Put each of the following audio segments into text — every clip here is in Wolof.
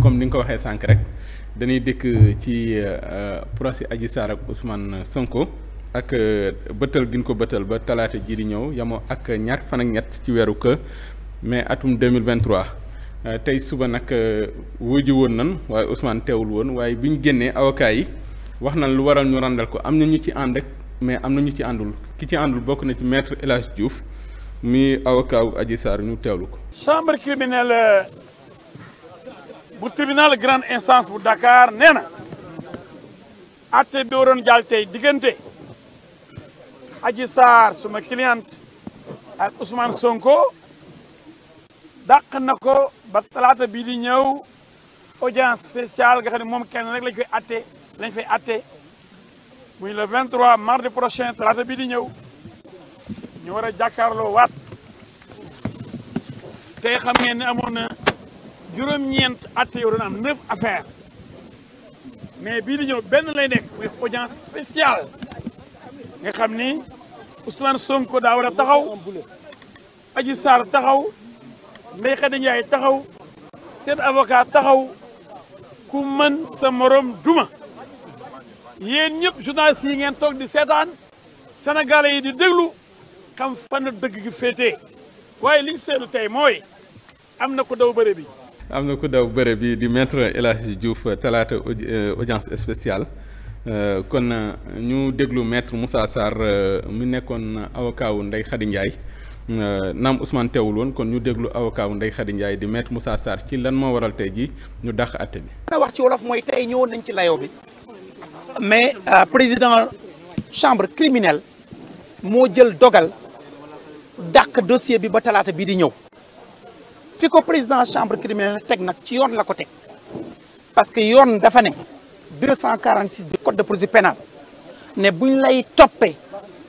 comme ni nga ko waxee sànq rek dañuy dikk ci euh, procès Adji Sarr ak Ousmane Sonko ak euh, bëttal gi ñu ko bëttal ba talaate ji di ñëw yamoo ak ñaar fan ñett ci weeru que mais atum 2023 euh, tey suba nag wuju woon nan waaye Ousmane teewul woon waaye bi ñu génnee avocats wax nañ lu waral ñu randal ko am na ñu ci ànd ak mais am na ñu ci àndul ki ci àndul bokk na ci maître El Hadj Diouf mi avocat wu ñu teewlu ko chambre criminelle bu tribunal grande instance bu Dakar nee na atte bi waroon jàll tey diggante Adji Sarr suma cliente ak Ousmane Sonko dàq na ko ba talaata bii di ñëw audience spéciale ga xam ne moom kenn rek lañ koy atte lañ fay atte muy le 23 mardi prochain talaata bii di ñëw ñu war a waat tey xam ngeen amoon juróom-ñeent atte yoo doon am neuf affaires mais bii di ñëw benn lay nekk mooy audience spéciale nga xam ni Ousmane Sonko daa war a taxaw Adji Sarr taxaw Ndeye Khady Ndiaye taxaw seen avocat taxaw ku mën sa morom duma yéen ñëpp journalistes yi ngeen toog di seetaan sénégalais yi di déglu xam fan dëgg gi féetee waaye liñ seenu tey mooy am na ko daw bëre bi am na ko daw bëre bi di maître El Hadji Diouf talaata euh, audience spéciale euh, kon euh, ñu déglu maître Moussa Sarr mi nekkoon avocat wu Ndeye Khady Ndiaye naam Ousmane teewul woon kon ñu déglu avocat wu Ndeye Khady Ndiaye di metre Moussa Sarr ci lan moo waral tey ji ñu dàq àtte bi. na wax ci wolof mooy tey ñëwoon nañ ci layoo bi mais président chambre criminelle moo jël dogal dàq dossier bi ba talaata bii di ñëw. fi ko président chambre criminelle teg nag ci yoon la ko teg parce que yoon dafa ne 246 du code de procédure pénale ne buñ lay toppe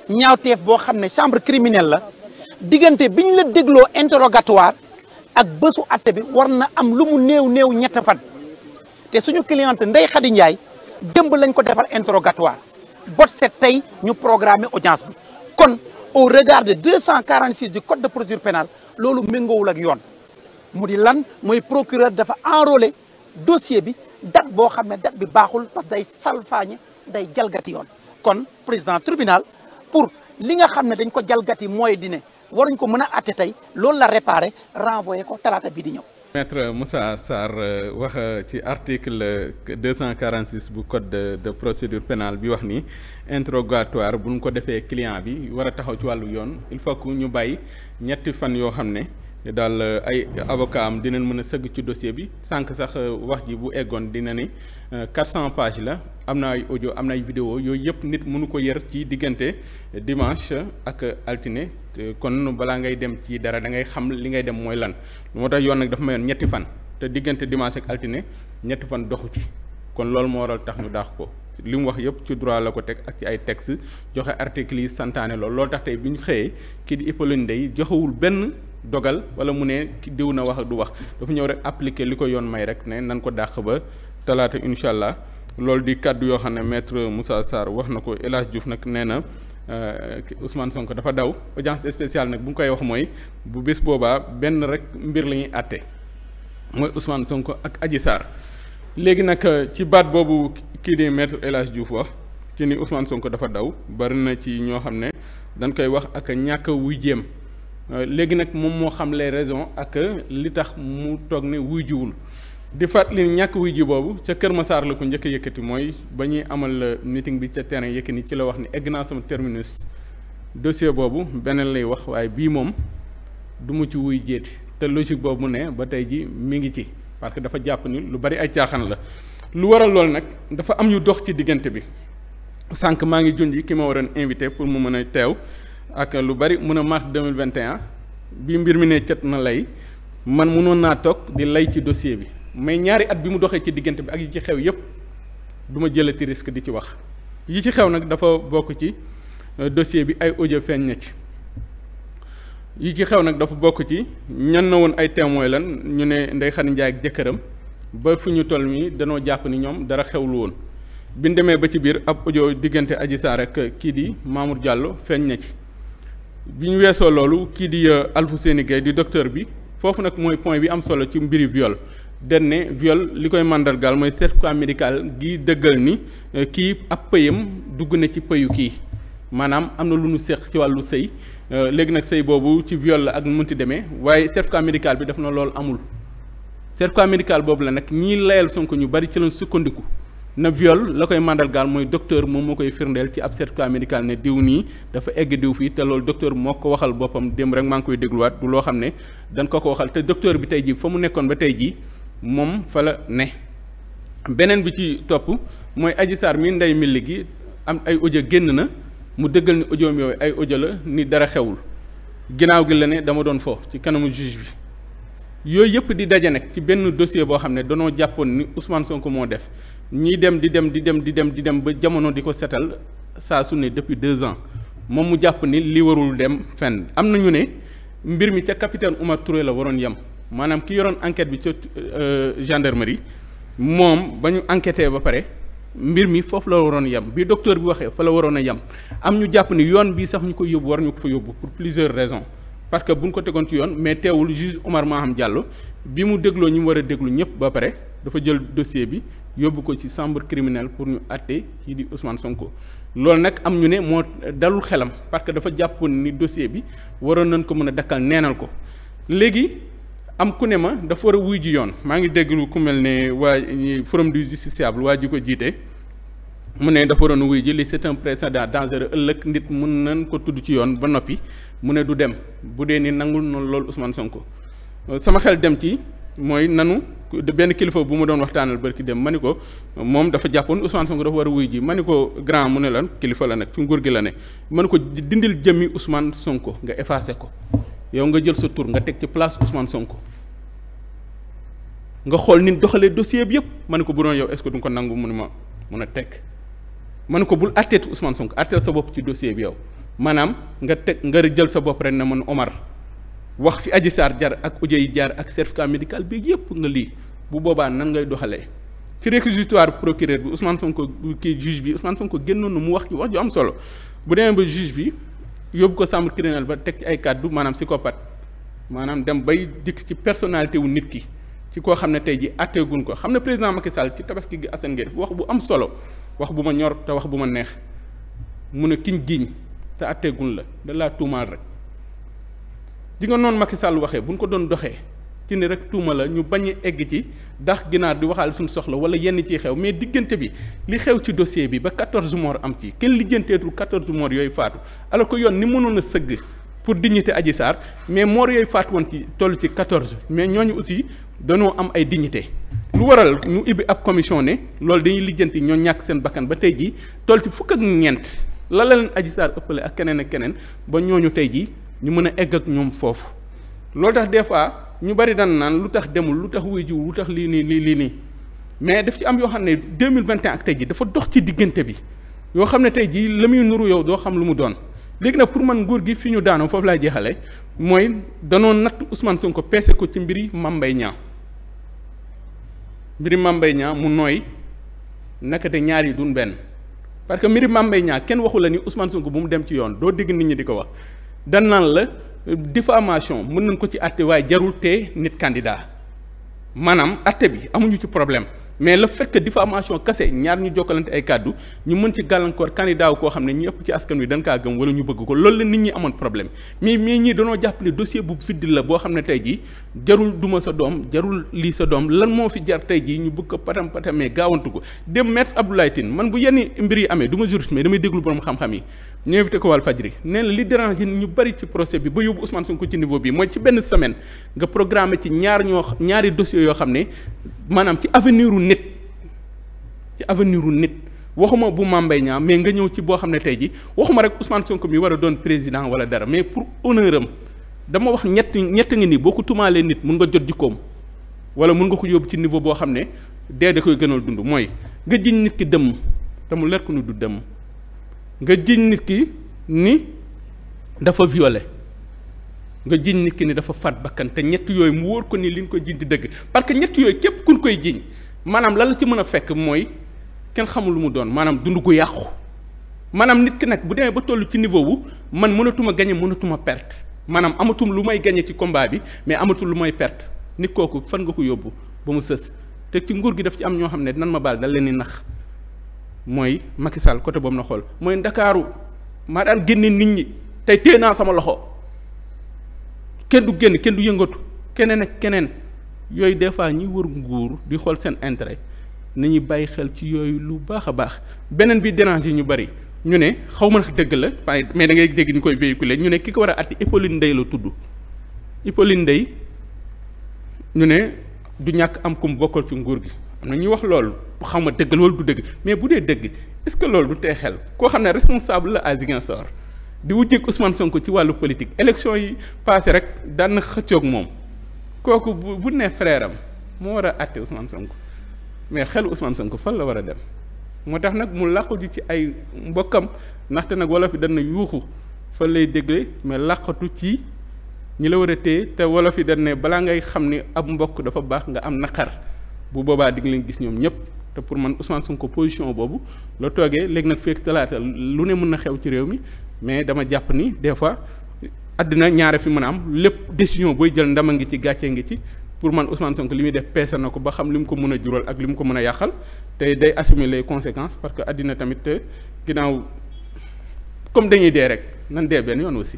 ñaawteef boo xam ne chambre criminelle la diggante biñ la dégloo interrogatoire ak bësu atte bi war na am lu mu néew néew ñett fan te suñu cliente Ndeye Khady Ndiaye démb lañ ko defal interrogatoire bot set tey ñu programme audience bi kon au regard de 246 du code de procédure pénal loolu méngoowul ak yoon mu di lan mooy procureur dafa enrôler dossier bi date boo xam ne date bi baaxul parce que day salfaañe day jalgati yoon kon président tribunal pour li nga xam ne dañ ko jalgati mooy di ne waruñ ko mën a àtte tey loolu la réparé renvoyé ko talaata bi di ñëw. maître Moussa Sarr euh, wax euh, ci article 246 euh, bu code de de procédure pénale bi wax ni interrogatoire bu ñu ko defee client bi war a taxaw ci wàllu yoon il faut que ñu bàyyi ñetti fan yoo xam ne. daal euh, ay avocat am dinañ mën a sëgg ci dossier bi sànq sax euh, wax ji bu eggoon dina ne ni 400 euh, pages la am na ay audio am na ay vidéo yooyu yëpp nit mënu ko yër ci diggante dimanche ak altine kon balaa ngay dem ci dara da ngay xam li ngay dem mooy lan moo tax yoon nag dafa mayoon ñetti fan te diggante dimanche ak altine ñetti fan doxu ci kon loolu moo waral tax ñu daax ko li mu wax yëpp ci droit la ko teg ak ci ay texte joxe articles yi santaane loolu loolu tax tey bi ñu xëyee kii di Hippolyte Ndeye joxewul benn dogal wala mu ne diw na wax du wax dafa ñëw rek appliquer li ko yoon may rek ne nan ko dàq ba talaata incha allah loolu di kàddu yoo xam ne maître Moussa Sarr wax na ko El Hadj nag nee na euh, Ousmane Sonko dafa daw audience spéciale nag bu mu koy wax mooy bu bés boobaa benn rek mbir lañuy ñuy àtte mooy Ousmane Sonko ak aji Sarr léegi nag euh, ci baat boobu kii di maître El Hadj Diouf wax ci ni Ousmane Sonko dafa daw bari na ci ñoo xam ne dañ koy wax ak ñàkk wuy jéem. Euh, léegi nag moom moo xam les raisons ak li tax mu toog ne wuy jiwul di fàttali ñàkk wuy ji boobu ca Kër Masaar la ko njëkk a yëkkati mooy ba ñuy amal meeting bi ca terrain Yékini ci la wax ni egg naa sama terminus dossier boobu beneen lay wax waaye bii moom du mu ci wuy jéeti te logique boobu ne ba tey ji mi ngi ci parce que dafa jàpp ni lu bari ay caaxaan la lu waral loolu nag dafa am ñu dox ci diggante bi sànq maa ngi yi ki ma waroon invité pour mu mën a teew ak lu bari mun a mars 2021 bi mbir mi ne cet na lay man mënoon naa toog di lay ci dossier bi mais ñaari at bi mu doxee ci diggante bi ak yi ci xew yépp du ma jëlati risque di ci wax yi ci xew nag dafa bokk ci euh, dossier bi ay audio na ci yi ci xew nag dafa bokk ci ñan na woon ay témoin lan ñu ne Ndeye Khady Ndiaye ak jëkkëram ba fu ñu toll nii danoo jàpp ni ñoom dara xewlu woon bi ñu demee ba ci biir ab audio diggante Adji Sarr ak kii di Mamour Diallo feeñ na ci bi ñu weesoo loolu kii di euh, seeni Gaye di docteur bi foofu nag mooy point bi am solo ci mbiri viol den ne viol li koy màndargaal mooy certificat médical gi dëggal ni euh, kii ab pëyam dugg na ci pëyu kii maanaam am na lu ñu seq ci wàllu sëy euh, léegi nag sëy boobu ci viol la ak nu mënti demee waaye certificat médical bi def na loolu amul certificat médical boobu la nag ñii layal sonk ñu bari ci lañ sukkandiku na viol la koy màndargaal mooy docteur moom moo koy firndeel ci ab certificat médical ne diw nii dafa egg diw fii te loolu bi moo ko waxal boppam démb rek maa ngi koy dégluwaat du loo xam ne dañ ko ko waxal te docteur bi tey jii fa mu nekkoon ba tey jii moom fa la ne. beneen bi ci topp mooy Adji Sarr mi ndey milli gi am ay ojo génn na mu dëggal ni audio yooyu ay ojo la ni dara xewul ginnaaw gi la ne dama doon fo ci kanamu juge bi. yooyu yëpp di daje nag ci benn dossier boo xam ne danoo jàppoon ni Ousmane Sonko moo def ñiy dem di dem di dem di dem di dem ba jamono di ko setal saa su ne depuis deux ans moom mu jàpp ni li warul dem fenn am na ñu ne mbir mi ca capitaine Oumar Touré la waroon yem maanaam ki yoroon enquête bi ca euh, gendarmerie moom ba ñu enquêté ba pare mbir mi foofu la waroon yem bi docteur bi waxee fa la waroon a yem am ñu jàpp ni yoon bii sax ñu koy yóbbu war ñu ko fa yóbbu pour plusieurs raisons parce que bu ñu ko tegoon ci yoon mais teewul juge Oumar Maham Diallo bi mu dégloo ñu mu war a déglu ñëpp ba pare dafa jël dossier bi. yóbbu ko ci chambre criminelle pour ñu àtte kii di usman Sonko loolu nag am ñu ne moo dalul xelam parce que dafa jàppoon ni dossier bi waroon nañ ko mën a dakkal neenal ko léegi am ku ne ma dafa war a wuy ji yoon maa ngi déglu ku mel ne waa forum du justiciable waa ji ko jiite mu ne dafa waroon wuy ji li c'est un précédent dangereux ëllëg nit mun nañ ko tudd ci yoon ba noppi mu ne du dem bu dee nii nangul noonu loolu Ousmane Sonko sama xel dem ci. mooy nanu benn kilifa bu ma doon waxtaanal barki dem ma ni ko moom dafa jàppoon Ousmane Sonko dafa war a wuy ji ma ni ko grand mu ne lan kilifa la nag ci nguur gi la ne ma ko dindil jëmmi Ousmane Sonko nga effacé ko yow nga jël sa tur nga teg ci place Ousmane Sonko nga xool ni doxalee dossier bi yëpp ma ni ko bu doon yow est-ce que du nga ko nangu mu ma mun a teg ma ni ko bul atteeti Ousmane sonk atteel sa bopp ci dossier bi yow maanaam nga teg nga jël sa bopp rek ne man Omar wax fi Adji Sarr jar ak audio yi jaar ak certificat médical bi yëpp nga lii bu boobaa nan ngay doxalee ci réquisitoire procureur bi Ousmane Sonko kii juge bi Ousmane Sonko génnoon na mu wax ci wax ju am solo bu demee ba juge bi yóbbu ko chambre criminelle ba teg ci ay kàddu maanaam psychopathe maanaam dem bay dikk ci personnalité wu nit ki ci koo xam ne tey ji atteeguñ ko xam ne président Macky Sall ci tabaski gi Assane wax bu am solo wax bu ma ñor te wax bu ma neex mu ne kiñ jiiñ te atteeguñ la da laa tuumaal rek. di nga noonu Macky Sall waxee bu ñu ko doon doxee ci ne rek tuuma la ñu bañ a egg ci dax ginaar di waxaale suñu soxla wala yenn ciy xew mais diggante bi li xew ci dossier bi ba 14 morts am ci kenn lijjanteetul 14 morts yooyu faatu alors ko yoon ni mënoon a sëgg pour dignité Adji Sarr mais morts yooyu faatu woon ci toll ci 14 mais ñoo ñu aussi danoo am ay dignité lu waral ñu ibbi ab commission ne loolu dañuy lijjanti ñoo ñàkk seen bakkan ba tey jii toll ci fukk ñeent la la leen Adji ëppale ak keneen ak keneen ba ñooñu tey jii ñu mën a egg ak ñoom foofu loolu tax des fois ñu bari daan naan lu tax demul lu tax wuy jiw lu tax lii nii lii lii mais daf ci am yoo xam ne deux mille vingt ak tey ji dafa dox ci diggante bi yoo xam ne tey jii la muy nuru yow doo xam lu mu doon léegi nag pour man nguur gi fi ñu daanoo foofu laay jeexale mooy danoo natt Ousmane Sonko peese ko ci mbiri Mame Mbaye Niang mbiri màmbay Mbaye mu nooy naka te ñaar yi benn parce que mbiri Mame ñaa kenn waxu la ni Ousmane Sonko bu mu dem ci yoon doo dégg nit ñi di ko wax dañ naan la diffamation mën nañ ko ci àtte waaye jarul tee nit kandidaa maanaam àtte bi amuñu ci problème mais le fait que diffamation kase ñaar ñu jokkalante ay kàddu ñu mën ci gàllankoor candidat wu koo xam ne ñi ëpp ci askan wi dañ kaa gëm wala ñu bëgg ko loolu la nit ñi amoon problème mais mais ñii danoo jàpp ne dossier bu fidd la boo xam ne tey jii jarul duma sa doom jarul lii sa doom lan moo fi jar tey jii ñu bëgg ko patam patamee gaawantu ko dem maître Abdoulaye Tine man bu mbir yi amee du ma juriste mais damay déglu borom xam-xam ñu ko Walf Fadjri nee na li dérange ñu bëri ci procès bi ba yóbbu Ousmane Sonko ci niveau bi mooy ci benn semaine nga programmé ci ñaar ñoo ñaari dossiers yoo xam ne maanaam ci avenir u nit ci avenir u nit waxuma bu Mame Mbaye mais nga ñëw ci boo xam ne tey ji waxuma rek Ousmane Sonko mi war a doon président wala dara mais pour honneur am dama wax ñett ñett ngi nii boo ko tumaalee nit mun nga jot jikkoom wala mun nga ko yóbbu ci niveau boo xam ne dee da koy gënal dund mooy nga jiñ nit ki dëmm te mu leer ko du dëmm nga jiñ nit ki ni dafa viole nga jiñ nit ki ni dafa faat bakkan te ñett yooyu mu wóor ko nii li liñ ko jiñ di dëgg parce que ñett yooyu képp kuñ koy jiñ maanaam lan la ci mën a fekk mooy kenn xamul lu mu doon maanaam dund gu yàqu maanaam nit ki nag bu demee ba toll ci niveau wu man mënatuma gagné mënatuma perte maanaam amatum lu may gañe ci combat bi mais amatul lu may perte nit kooku fan nga ko yóbbu ba mu sës te ci nguur gi daf ci am ñoo xam ne nan ma baal da leen di nax mooy makisal Sall côté boobu na xool mooy ndakaaru maa daan génne nit ñi tey téye naa sama loxo kenn du génn kenn du yëngatu keneen ak keneen yooyu des fois ñi wër nguur di xool seen intérêt nañuy bàyyi xel ci yooyu lu baax a baax beneen bi déranger ñu bari ñu ne xaw ma ndax dëgg la mais da ngay dégg ñu koy véhiculer ñu ne ki ko war a atti Hippolyte Ndeye la tudd Hippolyte Ndeye ñu ne du ñàkk am kum bokkal ci nguur gi am na ñuy wax loolu xam ma dëgg loolu du dëgg mais bu dee dëgg est-ce que loolu du tee xel koo xam ne responsable la à Ziguinchor di wujjeeg Ousmane Sonko ci wàllu politique élection yi passé rek daan na moom kooku bu bu ne frère am moo war a àtte Ousmane Sonko mais xelu Ousmane Sonko fan la war a dem moo tax nag mu làqu ji ci ay mbokkam ndaxte nag wolof yi dañ na yuuxu fa lay dégle mais làqatu ci ñi la war a téye te wolof yi dañ balaa ngay xam ni ab mbokk dafa baax nga am naqar bu boobaa digg nga gis ñoom ñëpp te pour man Ousmane Sonko position boobu la toogee léegi nag fekk talaata lu ne mën na xew ci réew mi mais dama jàpp ni des fois àddina ñaare fi mën a am lépp décision booy jël ndama ngi ci gàccee ngi ci pour man Ousmane Sonko li muy def peese na ko ba xam li mu ko mën a jural ak li mu ko mën a yàqal te day assumer les conséquences parce que àddina tamit ginnaaw comme dañuy dee rek nan dee benn yoon aussi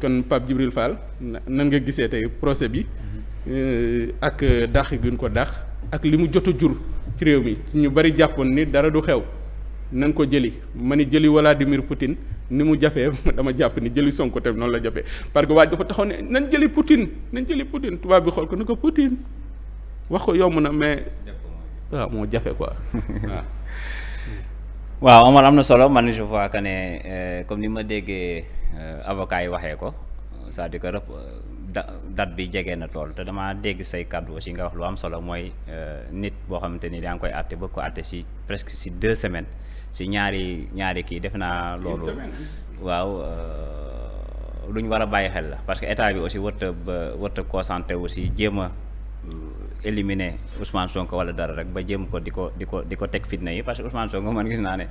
kon Pape Djibril Fall nan nga gisee tey procès bi mhm. euh, ak dàq guñ ko dàq ak li mu jot a jur ci réew mi ñu bari jàppoon ni dara du xew nan ko jëli man ni jëli Vladimir Poutine ni mu jafee dama jàpp ni jëli Sonko tamit noonu la jafe parce que waa dafa taxaw ne nan jëli Poutine nan jëli Poutine tubaab bi xool ko ni ko Poutine wax ko yomb na mais waaw moo jafe quoi waaw. waaw am na solo man je vois que ne euh, comme ni ma déggee euh, avocat yi waxee ko c'est-à-dire da dat bi jege na tool te damaa dégg say kàddu aussi nga wax lu am solo mooy euh, nit boo xamante ni daa ngi koy àtte bëgg ko àtte si presque si deux semaine si ñaari ñaari kii def naa loolu waaw euh, lu ñu war a bàyyi xel la parce que état bi aussi wërta ba wërta concentré aussi jéem a euh, éliminer Ousmane Sonko wala dara rek ba jéem ko di ko di ko di ko teg fitna yi parce que Ousmane Sonko man gis naa ne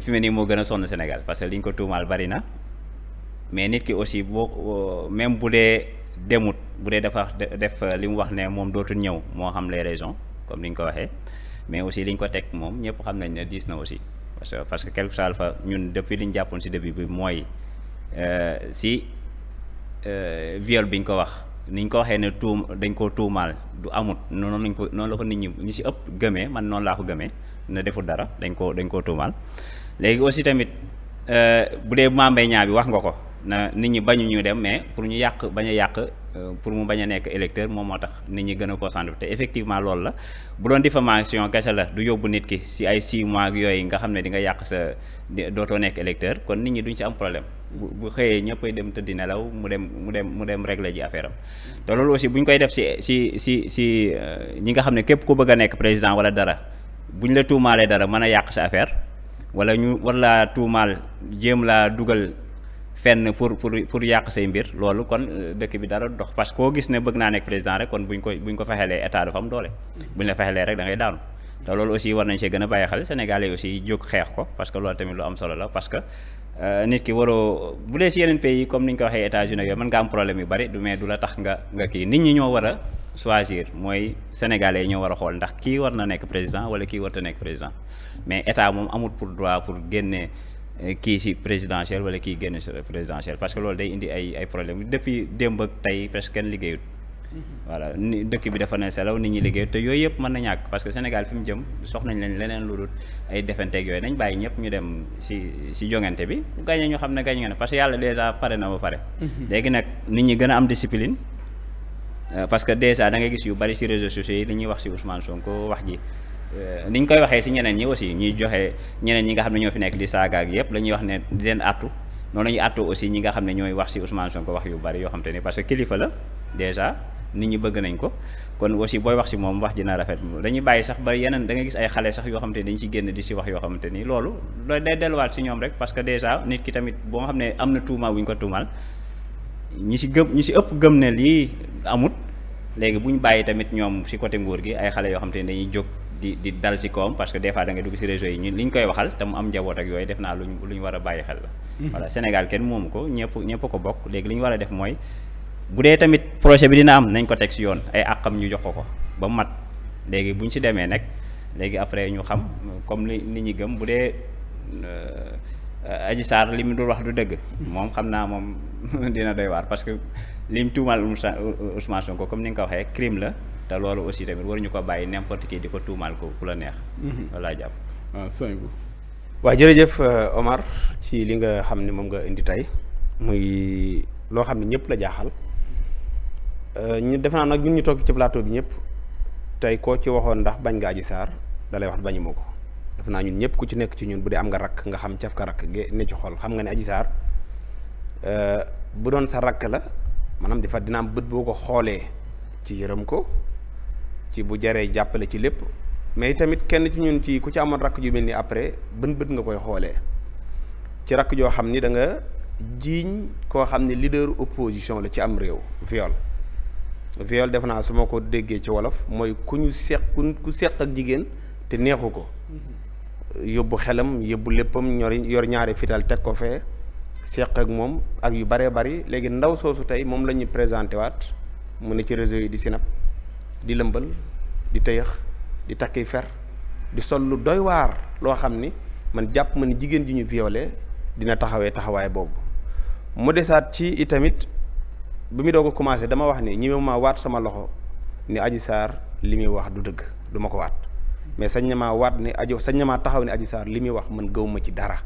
fi nii moo gën a sonn Sénégal parce que li ñu ko tuumaal bari na mais nit ki aussi boo même bu dee demut bu dee dafa def euh, li mu wax ne moom dootul ñëw moo xam lee raisons comme ni ñu ko waxee mais aussi li ñu ko teg moom ñëpp xam nañ ne diis na aussi parce que parce que quelque soit fa ñun depuis li ñu jàppoon si début bi mooy euh, si euh, viol bi ñu ko wax niñ ko waxee ne tuum dañ koo tuumaal du amut noonu lañ ko noonu la ko nit ñi ñi si ëpp gëmee man noonu laa ko gëmee na deful dara dañ koo dañ koo tuumaal léegi aussi tamit bu dee Mame Mbaye Niang bi wax nga ko. na nit ñi bañu ñu dem mais pour ñu yàq bañ a yàq euh, pour mu bañ a nekk électeur moom moo tax nit ñi gën a ko concentré te effectivement loolu la bu doon diffamation kese la du yóbbu nit ki si ay 6 mois ak yooyu nga xam ne di nga yàq sa dootoo nekk electeur kon nit ñi duñ si am problème bu bu xëyee ñëppay dem tëddi nelaw mu dem mu dem mu dem régler ji affaire am te loolu aussi bu ñu koy def si si si si euh, ñi nga xam ne képp ko bëgg a nekk président wala dara bu ñ la tuumaalee dara mën a yàq sa affaire wala ñu laa tuumaal fenn pour pour pour yàq say mbir loolu kon euh, dëkk bi dara dox parce que koo gis ne bëgg naa nekk président rek kon buñ ko buñ ko fexelee état dafa am doole buñ la fexelee rek da ngay daanu te loolu aussi war nañ see gën a bàyyi xel Sénégalais yi aussi jóg xeex ko parce que loolu tamit lu am solo la parce que euh, nit ki waroo bu dee si yeneen pays comme ni ñu ko waxee États-Unis yooyu mën nga am problème yu bari du mais du la tax nga nga kii nit ñi ñoo war a choisir mooy sénégalais yi ñoo war a xool ndax kii war na nekk président wala kii war ta nekk président mais état moom amul pour droit pour génnee Eh, kii si présidentielle wala kii génn si présidentielle parce que loolu day indi ay ay problème depuis démb ak tey presque kenn liggéeyut. Mhm. voilà ni dëkk bi dafa ne selaw nit ñi liggéey te yooyu yëpp mën na ñàkk parce Sénégal fi jëm soxnañ leen leneen lu ay defenteeg yooyu nañ bàyyi ñëpp ñu dem si si jongante bi gañe ñu xam ne gañ nga ne parce que yàlla dèjà pare na ba pare mhm. léegi nag nit ñi gën a am discipline euh, parce que dèjà da ngay gis yu bari si réseaux sociaux yi Euh, ni ñu koy waxee si ñeneen ñi aussi ñuy joxe ñeneen ñi nga xam ne ñoo fi nekk di saagaak yëpp la ñuy wax ne di leen àttu noonu la ñuy aussi ñi nga xam ne ñooy wax si Ousmane ko wax yu bari yoo xam te ne parce que kilifa la bëgg nañ ko kon aussi booy wax si moom wax dina rafet dañuy bàyyi sax ba yeneen da gis ay xale sax yoo xam te dañ ci génn di si wax yoo ni loolu looy day delluwaat si ñoom rek parce que déjà nit ki tamit boo xam ne am na tuuma bu ñu ko tuumaal ñi si gëm ñi si ëpp gëm ne lii amut léegi bu ñu bàyyi tamit ñoom si côté nguur gi ay xale yoo xam te dañuy jóg di di dal ci koom parce que des fois da dugg ci réseau yi ñu li ñu koy waxal te mu am njaboot ak yooyu def naa luñ lu ñu war a bàyyi xel la mhm. voilà Sénégal kenn moomu ko ñëpp ñëpp ko bokk léegi li ñu war a def mooy bu dee tamit projet bi dina am nañ ko teg ci yoon ay àqam ñu jox ko ko ba mat léegi bu ñu ci demee nag léegi après ñu xam comme li nit ñi gëm bu dee euh, Adji Sarr li mu dul wax du dëgg mhm. moom xam naa moom dina doy waar parce que lim tuumal Ousmane ko comme ni nga ko waxee crime la te loolu aussi tamit waruñu ko bàyyi n'importe qui di ko tuumaal ko ku la neex. walla mhm. jàpp. Ah, waaw jërëjëf euh, Omar ci li nga xam ni moom nga indi tey muy loo xam ne ñëpp la jaaxal euh, ñu def naa nag ñun ñu toog ci plateau bi ñëpp tey koo ci waxoon ndax bañ nga aji saar dalay wax bañu ma ko def naa ñun ñëpp ku ci nekk ci ñun bu dee am nga rakk nga xam caf ka rakk ge ne ci xol xam nga ne aji saar euh, bu doon sa rakk la maanaam di fa dina bët boo ko xoolee ci yërëm ko ci bu jaree jàppale ci lépp mais tamit kenn ci ñun ci ku ci amoon rakk ju mel ni après bën bët nga koy xoolee ci rakk joo xam ni da nga jiiñ koo xam ne leader opposition la ci am réew viol viole def naa su ma ko déggee ci wolof mooy ku ñu seq ku seq ak jigéen te neexu ko yóbbu xelam yóbbu léppam ñor yor ñaari fital teg ko fee seq ak moom ak yu baree bari léegi ndaw soosu tey moom la ñu présenté waat mu ne ci réseau yi di sinap di lëmbal di tëyëx di takki fer di sol lu doy waar loo xam ni man jàpp ma ni jigéen ji ñu violé dina taxawee taxawaay boobu mu desaat ci it bi mu doog a commencé dama wax ni ñi ma waat sama loxo ni Adji Sarr li muy wax du dëgg duma ko waat mais sañ na maa waat ni aji sañ na maa taxaw ni Adji Sarr li muy wax man gëwma ci dara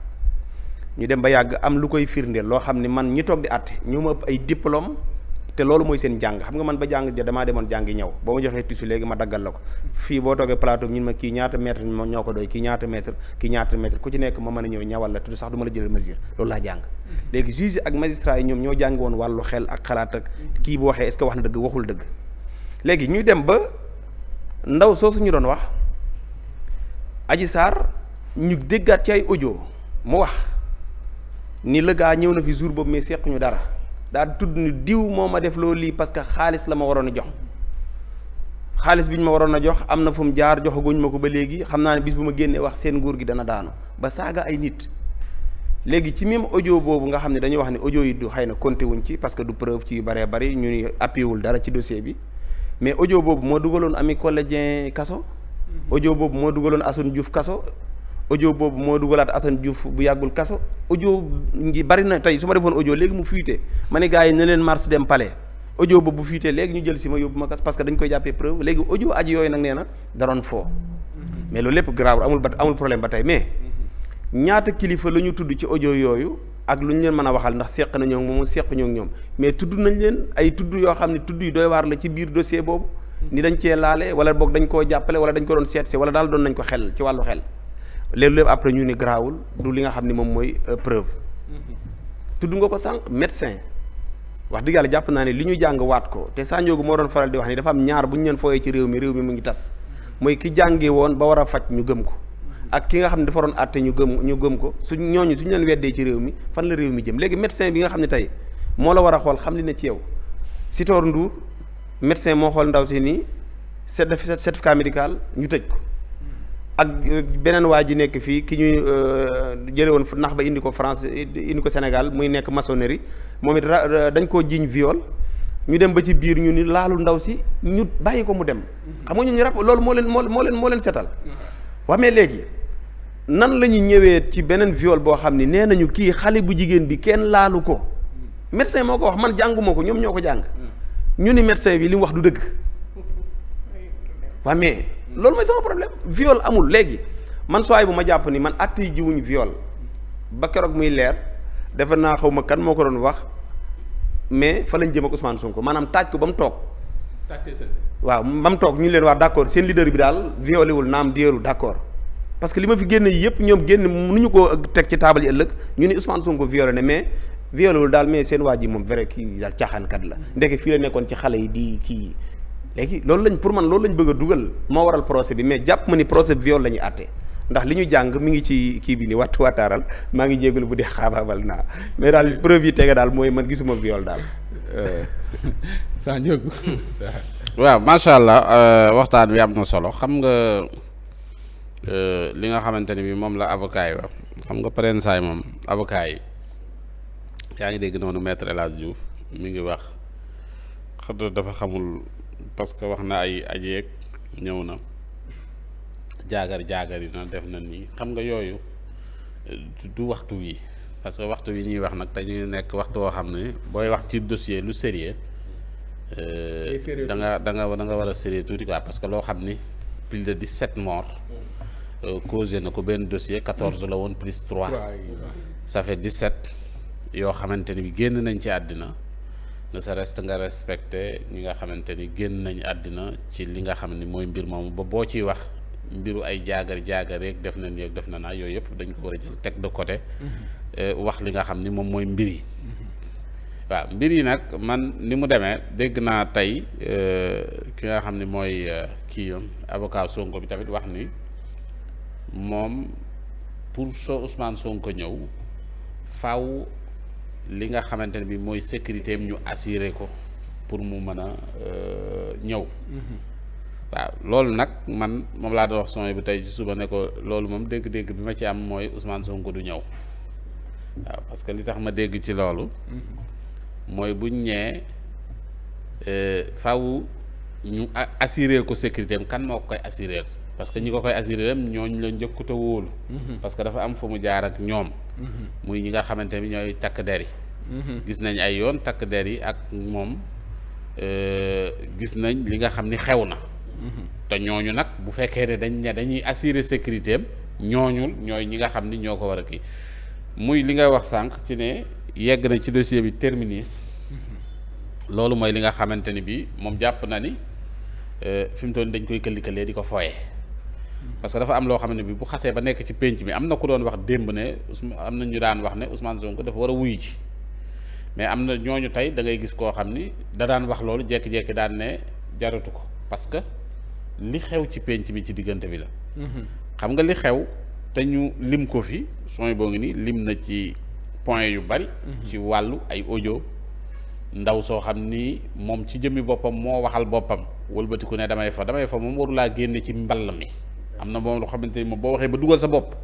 ñu dem ba yàgg am lu koy firndeel loo xam ni man ñi toog di àtte ñu ma ëpp ay diplôme te loolu mooy seen jàng xam nga man ba jàng damaa demoon jàngi ñëw boo ma joxee tissu léegi ma daggal la ko fii boo toogee plateau ñun ma kii ñaata mètre ñoo ko doy kii ñaata mètre kii ñaata mètre ku ci nekk ma mën a ñëw ñawal la te sax du ma la jëlal mesure loolu laa jàng léegi juge ak magistrat ñoom ñoo jàng woon wàllu xel ak xalaat ak kii bu waxee est-ce que wax na dëgg waxul dëgg léegi ñuy dem ba ndaw soosu ñu doon wax aji Sarr ñu déggaat ci ay ojo mu wax ni la gaa ñëw fi jour boobu mais seq ñu dara daa tudd ni diw moo ma def loo lii parce que xaalis la ma waroon a jox xaalis bi ñu ma waroon a jox am na fu mu jaar joxaguñ ma ko ba léegi xam naa ne bis bu ma génnee wax seen nguur gi dana daanu ba saaga ay nit léegi ci même audio boobu nga xam ne dañuy wax ne audio yi du xëy na compté wuñ ci parce que du preuve ci yu baree bëri ñu ni appuyewul dara ci dossier bi mais ojo boobu moo dugaloon ami collégien kaso ojo mm-hmm. boobu moo dugaloon Assane Diouf kaso audio boobu moo dugalaat Assane Diouf bu yàggul kaso ojo ngi bari na tey su ma defoon audio léegi mu fuité ma ne gars yi ne leen mars dem pale ojo boobu bu fuité léegi ñu jël si ma yóbbu ma kas parce que dañ koy jàppee preuve léegi audio aji yooyu nag nee na daroon foo mais loolu lépp grave amul ba amul problème ba tey mais ñaata kilifa la ñu tudd ci audio yooyu ak lu ñu leen mën a waxal ndax seq na ñoo moom seq ñoo ñoom mais tudd nañ leen ay tudd yoo xam ne tudd yu doy waar la ci biir dossier boobu ni dañ laale wala boog dañ koo jàppale wala dañ ko doon seet si wala daal ko xel ci wàllu xel léegi lépp après ñu ni garaawul du li nga xam ni moom mooy euh, preuve mm-hmm. tudd nga ko sànq médecin wax dëgg yàlla jàpp naa ne li ñu jàng waat ko te sànjoogu moo doon faral di wax ni dafa am ñaar bu ñu leen fooyee ci réew mi réew mi mu ngi tas mooy ki jàngee woon ba war a faj ñu gëm ko ak ki nga xam ne dafa doon àtte ñu gëm ñu gëm ko su ñooñu suñu leen weddee ci réew mi fan la réew mi jëm léegi médecin bi nga xam ne tey moo la war a xool xam li ne ci yow Sitor Ndour médecin moo xool ndaw si nii certificat médical ñu tëj ak euh, beneen waa ji nekk fii ki ñuy euh, jële woon fu nax ba indi ko France indi ko Sénégal muy nekk maçonnerie moom it dañ koo jiiñ viol ñu dem ba ci biir ñu ni laalu ndaw si ñu bàyyi ko mu dem xam nga ñu rap loolu moo leen moo moo leen moo leen setal waa mais léegi nan la ñëwee ci beneen viole boo xam ni nee nañu kii xale bu jigéen bi kenn laalu ko médecin moo ko wax man jànguma ko ñoom ñoo ko jàng mm. ñu ni médecin bi li mu wax du dëgg waa mais loolu mooy sama problème viol amul léegi man sooy bu ma jàpp ni man att yi jiwuñ viol ba keroog muy leer defe naa xaw ma kan moo ko doon wax mais fa lañ jëm ak Ousmane Sonko maanaam taaj ko ba mu toog. waaw ba mu toog ñu leen wax d' accord seen leader bi daal violé wul am diyeelu d' accord parce que li ma fi génne yëpp ñoom génn nu ñu ko teg ci taabal yi ëllëg ñu ni Ousmane Sonko violé ne mais. violewul daal mais seen waa ji moom vrai kii daal caaxaankat la ndeke fii la nekkoon ci xale yi di kii léegi loolu lañ pour man loolu lañ bëgg dugal moo waral procès bi mais jàpp ma ni procès bi viol la ñuy àtte ndax li ñu jàng mi ngi ci kii bi ni wattu wattaaral maa ngi jégalu bu dee xaabaabal naa mais daal preuve yi tege daal mooy man gisuma viol daal. Euh. Sandiogou. waaw macha allah euh, waxtaan wi am na solo xam nga euh, li nga xamante ni bi moom la avocat yi xam nga saa moom avocat yi yaa ngi dégg noonu maître El Hadj Diouf mi ngi wax xam dafa xamul. parce que wax na ay ajeeg ñëw na jaagar jaagar yi na def na nii xam nga yooyu du waxtu wi parce que waxtu wi ñuy wax nag dañuy nekk waxtu woo xam ne booy wax ci dossier lu sérieux euh, da nga da nga da nga war a sérieux tuuti quoi parce que loo xam ni plus de dix-sept morts euh, causé na ko benn dossier quatorze la woon plus trois ça fait dix-sept yoo xamante ni bi génn nañ ci àddina ne sa reste nga respecté ñi nga xamante ni génn nañu àddina ci li nga xam ni mooy mbir moomu ba boo ciy wax mbiru ay jaagar jaagar yeeg def na nii def na naa yooyu yëpp dañ ko war a jël teg de côté. Mm-hmm. Eh, wax li nga xam ni moom mooy mbir yi. Mm-hmm. waaw mbir yi nag man ni mu demee dégg naa tey eh, ki nga xam ni mooy eh, kii avocat Sonko bi tamit wax ni moom pour soo Ousmane Sonko ñëw faaw. li nga xamante ne bi mooy sécurité ñu assuré ko pour mu mën a euh, ñëw mm-hmm. waaw loolu nag man moom laa doon wax son bi tey ci suba ne ko loolu moom dégg-dégg bi ma ci am mooy Ousmane Sonko du ñëw waaw parce que li tax ma dégg ci loolu mm-hmm. mooy buñ ñee euh, faw ñu assuré ko sécurité kan moo koy assuré parce que ñi ko koy assuré am ñooñu la njëkkut a wóolu. Mhm. parce que dafa am fu mu jaar ak ñoom. Mhm. muy ñi nga xamante ni ñooy takk der yi. Mhm. gis nañ ay yoon takk der yi ak moom euh, gis nañ li nga xam ni xew na. te ñooñu nag bu fekkee ne dañ dañuy assurer sécurité am ñooñul ñooy ñi nga xam ni ñoo ko war a kii muy li ngay wax sànq ci ne yegg nañ ci dossier bi terminus. loolu mooy li nga xamante ni bi moom jàpp na ni euh, fi mu toll dañ koy këllikalee di ko fooyee. parce que dafa am loo xam ne bi bu xasee ba nekk ci pénc mi am na ku doon wax démb ne am na ñu daan wax ne Ousmane Sonko dafa war a wuyu ci mais am na ñooñu tey da ngay gis koo xam ni da daan wax loolu jékki-jékki daan ne jaratu ko parce que li xew ci pénc mi ci diggante bi la. Mm-hmm. xam nga li xew te ñu lim ko fi sooy boo ngi ni lim na ci point yu bari. Mm-hmm. ci wàllu ay audio. ndaw soo xam nii moom ci jëmmi boppam moo waxal boppam wëlbatiku ne damay fa damay fa moom warulaa génne ci mball mi. na moom loo xamante ni moom boo waxee ba dugal sa bopp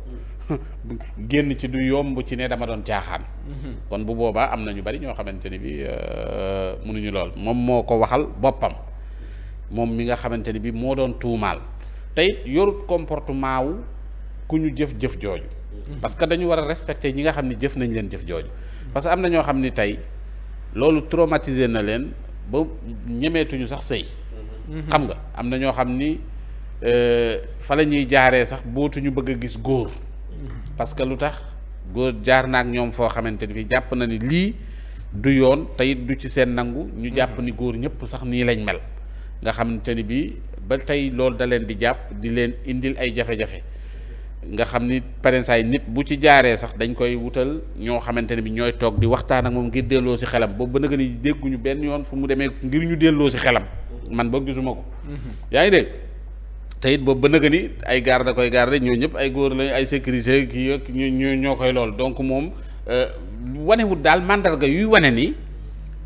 génn ci du yomb ci ne dama doon caaxaan. kon bu boobaa am na ñu bari ñoo xamante ni bi euh, mënuñu lool moom moo ko waxal boppam moom mi nga xamante ni bi moo doon tuumaal tey yorut comportement wu ku ñu jëf jëf jooju. parce que dañu war a respecter ñi nga xam ni jëf nañ leen jëf jooju. parce que am na ñoo xam ni tey loolu traumatisé na leen ba sax sëy. Mm-hmm. xam nga am na ñoo xam ni. Euh, fa la ñuy jaaree sax bootu ñu bëgg a gis góor parce que lu tax góor jaar na ak ñoom foo xamante ni fi jàpp na ni lii du yoon te du ci seen nangu ñu jàpp ni góor ñëpp sax nii lañ mel nga xamante ni bi ba tey loolu da leen di jàpp di leen indil ay jafe-jafe nga xam ni parensaay nit bu ci jaaree sax dañ koy wutal ñoo xamante ne bi ñooy toog di waxtaan ak moom ngir delloo si xelam boobu ba nga ni dégguñu benn yoon fu mu demee ngir ñu delloo si xelam man ba te it boobu ba nëgë ni ay garde da koy garde ñoo ñëpp ay góor lañ ay sécurité kii ak ñu ñoo koy lool donk moom euh, wanewut daal mandarga yuy wane ni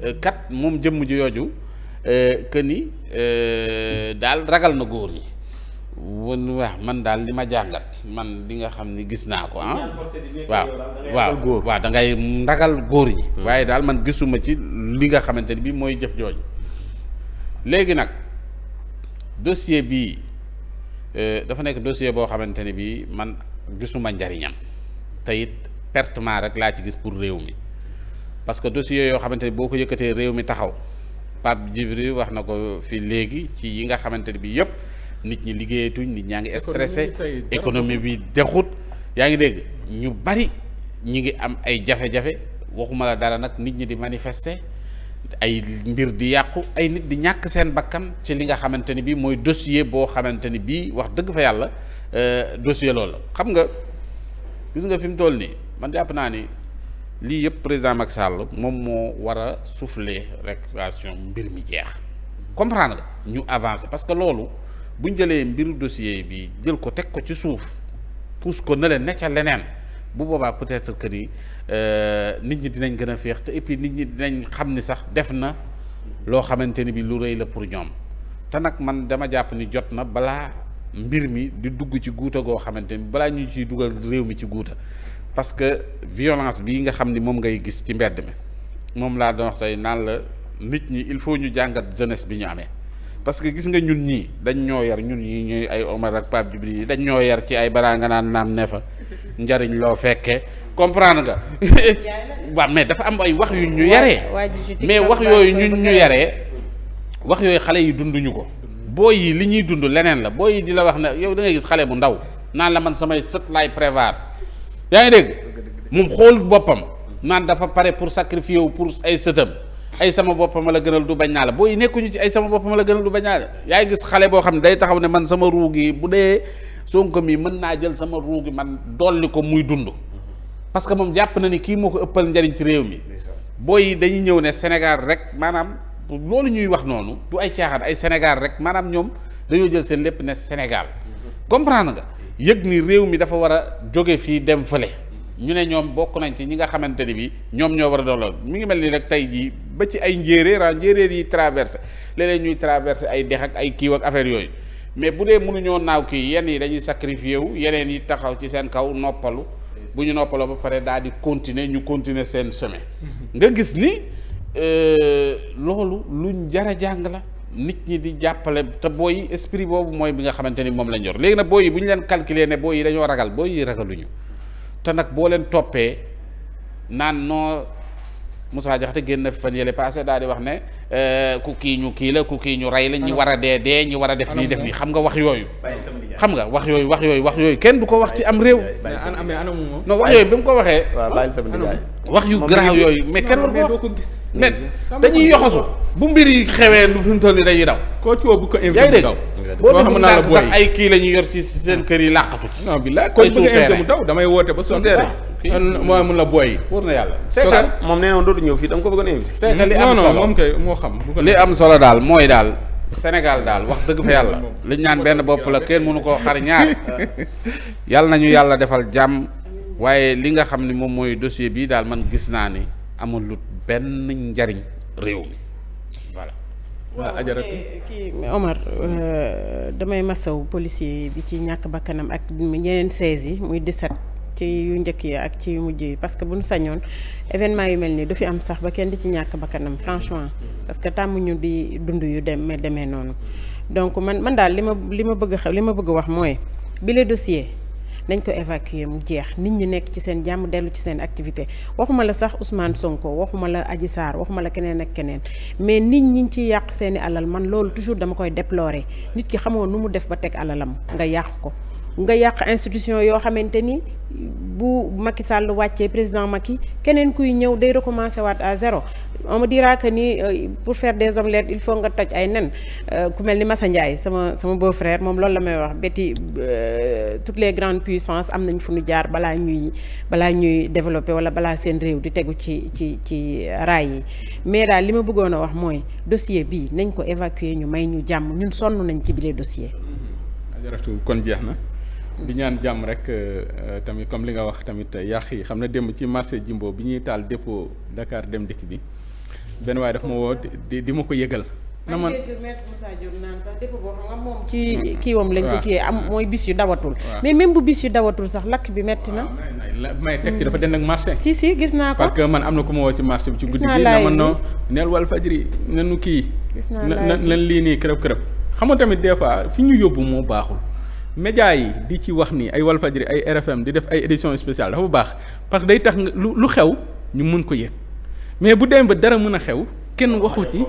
euh, kat moom jëmm ji yooju euh, que ni daal ragal na góor ñi wan man daal li ma jàngat man li nga xam ni gis naa ko ah waaw waaw waaw da ngay ragal góor ñi hmm. waaye daal man gisuma ci li nga xamante ni bi mooy jëf jooju léegi nag dossier bii Euh, dafa nekk dossier boo xamante ne bii man gisuma njariñam te it pertement rek laa ci gis pour réew mi parce que dossier yoo xamante ne boo ko yëkkatee réew mi taxaw Pape Djibril wax na ko fi léegi ci yi nga xamante ne bii yëpp nit ñi liggéeyatuñ nit ñaa ngi stressé économie bi dexut yaa ngi dégg ñu bari ñi ngi am ay jafe-jafe waxuma la dara nag nit ñi di manifester ay mbir di yàqu ay nit di ñàkk seen bakkan ci li nga xamante ni bii mooy dossier boo xamante ni bii wax dëgg fa yàlla euh, dossier loolu xam nga gis nga fi mu toll nii man jàpp naa ni lii yëpp président Macky Sall moom moo war a souffler récréation mbir mi jeex comprendre nga ñu avancer parce que loolu bu ñu jëlee mbiru dossier bi jël ko teg ko ci suuf pousse ko na leen ne ca leneen. bu boobaa peut-être que ni euh, nit ñi dinañ gën a féex te eppi nit ñi dinañ xam ni sax def na loo xamante ni bi lu rëy la pour ñoom te nag man dama jàpp ni jot na balaa mbir mi di dugg ci guuta goo xamante ni balaa ñu ciy dugal réew mi ci guuta parce que violence bii nga xam ni moom ngay gis ci mbedd mi moom laa doon say naan la nit ñi il faut ñu jàngat jeunesse bi ñu amee parce que gis nga ñun ñii dañ ñoo yar ñun ñii ñuy ay Omar ak Pape Djibril yi dañ ñoo yar ci ay balaa nga naan naam ne njariñ loo fekkee comprendre nga waaw mais dafa am ay wax yu ñu yaree mais wax yooyu ñu ñu yaree wax yooyu xale yi dunduñu ko booy yi li ñuy dund leneen la booy yi di la wax na yow dangay gis xale bu ndaw naan la man samay sët laay prévoir yaa ngi dégg moom xool boppam naan dafa pare pour sacrifier wu pour ay sëtam ay sama bopp ma la gënal du bañ naa la booy nekkuñu ci ay sama bopp ma la gënal du bañ naa la yaay gis xale boo xam ne day taxaw ne man sama ruu gi bu dee Sonko mi mën naa jël sama ruu gi man dolli ko muy dund parce que moom jàpp na ni kii moo ko ëppal njariñ ci réew mi booy yi dañuy ñëw ne Sénégal rek maanaam loolu ñuy wax noonu du ay caaxaan ay Sénégal rek maanaam ñoom dañoo jël seen lépp ne Sénégal comprendre nga yëg ni réew mi dafa war a jóge fii dem fële ñu ne ñoom bokk nañ ci ñi nga xamante ni bi ñoom ñoo war a doon mi ngi mel ni rek tey jii ba ci ay njéeréer ah njéeréer yi traversé leneen ñuy traversé ay dex ak ay kiiw ak affaire yooyu mais bu dee mënuñoo naaw kii yenn yi dañuy sacrifié wu yeneen yi taxaw ci seen kaw noppalu bu ñu noppaloo ba pare daal di continuer ñu continuer seen chemin mhm. nga gis ni euh, loolu luñ jar a jàng la nit ñi di jàppale te booy esprit boobu mooy bi nga xamante ni moom lañ yor léegi nag booy yi bu leen calculer ne booy yi dañoo ragal booy yi ragaluñu te nag boo leen toppee naan noo Moussa Diakhaté génn na fi fan yële passé daal di wax ne euh, ku kii ñu kii la ku kii ñu rey la ñi war a dee dee ñi war a def nii def nii xam nga wax yooyu xam nga wax yooyu wax yooyu wax yooyu kenn du ko wax ci am réew non wax yooyu bi mu ko waxee wax yu garaaw yooyu mais kenn boo ko gis mais dañuy yoxosu bu mbir yi xewee lu fi mu toll nii dañuy daw koo ci woo bu ko invité dégg kii la ñuy yor ci seen kër yi làqatu ci non mu daw damay woote ba sonn rek Euh, moo mun la booy. wóor na yàlla seetal moom nee na woon dootu ñëw fii da ko ko bëggoon invité. seetal li am solo moom moo xam. li am solo daal mooy daal. Sénégal daal wax dëgg fa yàlla liñ naan benn bopp la kenn mënu koo xar ñaar yàlla nañu yàlla defal jàmm waaye li nga xam ne moom mooy dossier bii daal man gis naa ni amul lu benn njariñ réew mi voilà. waaw eh, kii Omar euh, damay masaw policier bi ci ñàkk bakkanam ak ñeneen 16 yi muy 17. ci yu njëkk yi ak ci yu mujj yi parce que bu ñu sañoon événement yu mel nii du fi am sax ba kenn di ci ñàkk bakkanam franchement parce que ñu di dund yu dem demee noonu donc man man daal li ma li ma bëgg li ma bëgg wax mooy bi le dossier nañ ko évacuer mu jeex nit ñi nekk ci seen jàmm dellu ci seen activité waxuma la sax Ousmane Sonko waxuma la aji Sarr waxuma la keneen ak keneen mais nit ñi ñu ciy yàq seeni alal man loolu toujours dama koy déplorer nit ki xamoo nu mu def ba teg alalam nga yàq ko. nga yàq institution yoo xamante ni bu Macky Sall wàccee président Macky keneen kuy ñëw day recommencer waat à zéro on me ni euh, pour faire des omelettes il faut nga toj ay nen euh, ku mel ni Massa Ndiaye sama sama beau-frère moom loolu la may wax betti euh, toutes les grandes puissances am nañ fu ñu jaar balaa ñuy balaa ñuy développer wala balaa seen réew di tegu ci ci ci raay yi mais daal li ma bëggoon a wax mooy dossier bii nañ ko évacuer ñu may ñu jàmm ñun sonn nañ ci bile dossier. Mm-hmm. kon di ñaan jàmm rek euh, tamit comme li nga wax tamit euh, yàq yi xam na démb ci marché Jimbo bi ñuy taal dépôt ndakaar dem dikk bi benn waaye dafa ma di ma ko yëgal. na man dégg maître Moussa Diop naan sax dépôt boo ci hmm. kiiwam lañ ko kiiyee am mooy bis yu dawatul mais même bu bis yu dawatul sax bi metti na may teg ci dafa den ak marché hmm. si si gis naa ko parce que man am na ku ma woo ci marché bi ci guddi gi na man no neel wal fajri nanu kii na na nan lii nii kërëb kërëb xam nga tamit des fois fi ñu yóbbu moo baaxul média yi di ci wax ni ay Walfadjri ay RFM di def ay édition spéciale dafa baax parce que day tax lu lu xew ñu mën ko yëg mais bu dem ba dara mën a xew kenn waxu ci.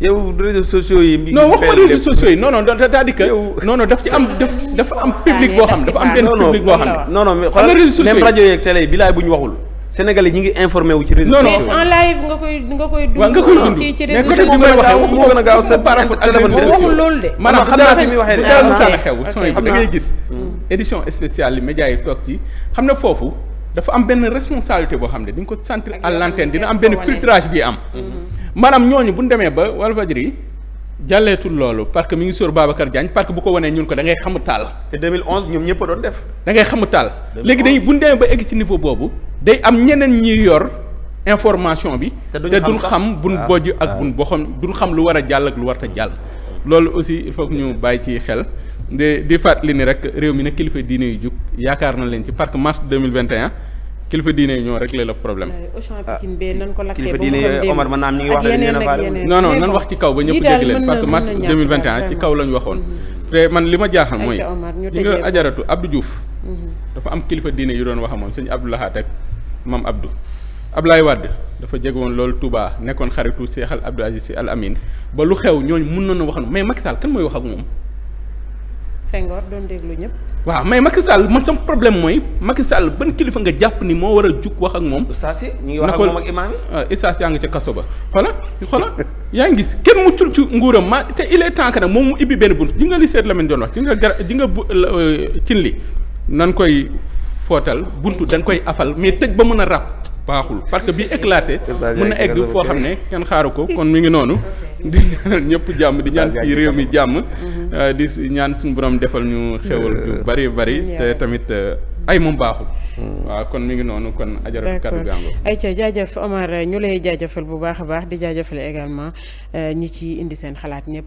yow réseaux sociaux yi. non waxuma réseaux sociaux yi non non daf ci am daf dafa am public boo xam dafa am benn public boo xam ne. non non mais rajo yeeg télé yi bilaay bu ñu waxul. Sénégalais ñi ngi informé wu ci réseau. non nga koy nga koy. waaw nga koy dund ci ci réseau. mais côté bi waxee wax gën a gaaw sa par rapport ak télévision bi waxul loolu de. maanaam xam naa fi muy waxee daal musaana xew son yi da gis. édition spéciale li média yi toog ci xam na foofu dafa am benn responsabilité boo xam ne di nga ko centre à l'antenne dina am benn filtrage bi am. Mm-hmm. maanaam ñooñu bu ñu demee ba wall Walfadjri jàlleetul loolu parce que mi ngi sóor Babacar Diagne parce que bu ko wanee ñun ko da ngay xamu taal. te 2011 ñoom ñëpp a doon def. da ngay taal. léegi dañuy bu ñu demee ba egg ci niveau boobu day am ñeneen ñuy yor information bi. te du xam buñ bojj ak buñ boxam duñ xam lu war a jàll ak lu warta jàll. loolu aussi il faut ñu bàyyi ci xel de di fàttali ni rek réew mi ne kilifa diine yu jug yaakaar na leen ci parce que mars 2021. kilifa diine yi ñoo réglé le problème. Ah, kilifa diine yooyu Omar mën naa am ngi wax rek ñu non non nan wax ci kaw ba ñëpp dégg leen parce que mars 2021 ci kaw lañ waxoon. Mm-hmm. te man li ma jaaxal mooy. ñi nga ajaratu Abdou Diouf. Mm-hmm. dafa am kilifa diine yi doon wax moom sëñ Abdou Lahat ak maam Abdou. Ablaye Wade dafa jege woon loolu tubaa nekkoon xaritu Cheikh Abdou Aziz Al Amin ba lu xew ñooñu mun na nu wax mais Macky Sall kan mooy wax ak moom. Senghor doon déglu ñëpp. waaw mais Macky Sall man sama problème mooy Macky Sall ban kilifa nga jàpp ni moo war a jug wax ak moom. Ustaz yi ñu ngi wax ak moom ak imaam yi. Ustaz ah, yaa ngi ca kaso ba xoola xoola yaa ngi gis kenn muccul ci nguuram ma te il est nag moom mu ibbi benn bunt ji nga li seet la doon wax ji nga gar ji nga bu euh, cin li nan koy footal bunt dañ koy afal mais tëj ba mën a ràpp. baaxul parce que bi éclaté mën na egg foo xam ne kenn xaaru ko kon mi ngi noonu di ñaanal ñëpp jàmm di ñaan ci réew mi jàmm mm-hmm. euh, di ñaan suñu borom defal ñu xewul yu euh, bari bari te tamit euh, ay moom baaxul. Mm. waaw kon mi ngi noonu kon. ajaratu kàddu gàngo ayca jaajëf Omar ñu lay jaajëfal bu baax a baax di jaajëfal également ñi ci indi seen xalaat ñëpp.